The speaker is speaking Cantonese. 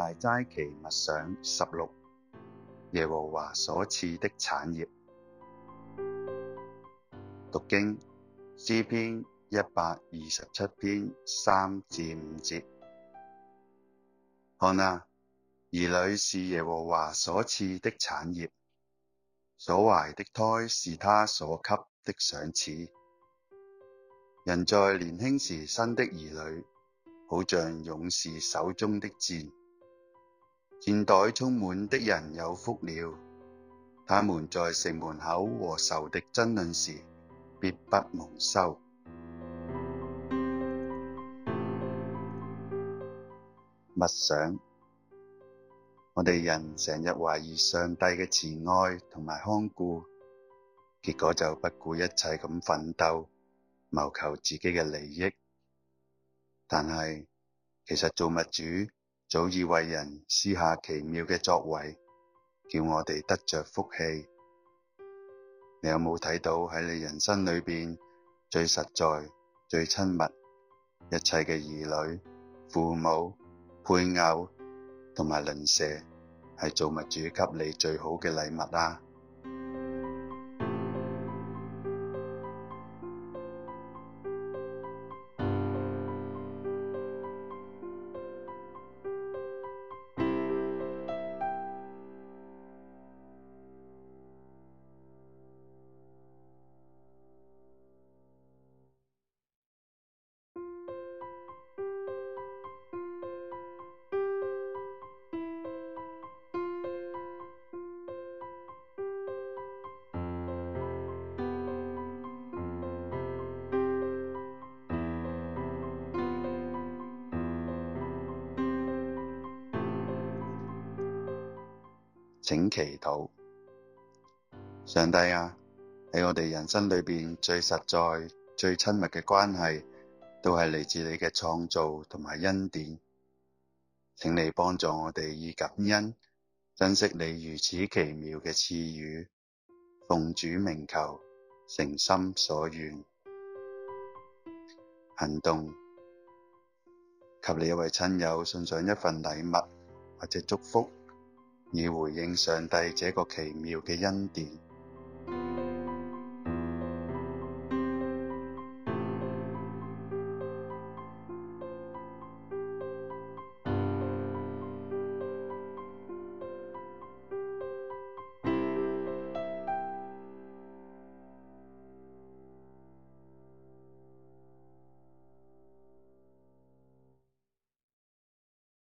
大齋期默想十六，耶和華所賜的產業。讀經詩篇一百二十七篇三至五節，看哪，兒女是耶和華所賜的產業，所懷的胎是他所給的賞賜。人在年輕時生的兒女，好像勇士手中的箭。」箭袋充滿的人有福了，他們在城門口和仇敵爭論時，必不蒙羞。默 想，我哋人成日懷疑上帝嘅慈愛同埋看顧，結果就不顧一切咁奮鬥，謀求自己嘅利益。但係，其實造物主。早已為人施下奇妙嘅作為，叫我哋得着福氣。你有冇睇到喺你人生裏邊最實在、最親密一切嘅兒女、父母、配偶同埋鄰舍，係造物主給你最好嘅禮物啊！請祈禱，上帝啊，喺我哋人生裏邊最實在、最親密嘅關係，都係嚟自你嘅創造同埋恩典。請你幫助我哋以感恩珍惜你如此奇妙嘅賜予，奉主名求，誠心所願。行動，給你一位親友送上一份禮物或者祝福，以回應上帝這個奇妙嘅恩典。